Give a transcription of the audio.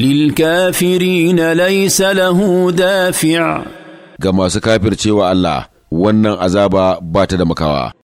للكافرين ليس له دافع كما سكافر تشيوى الله ونن عذابا باتد مكاوى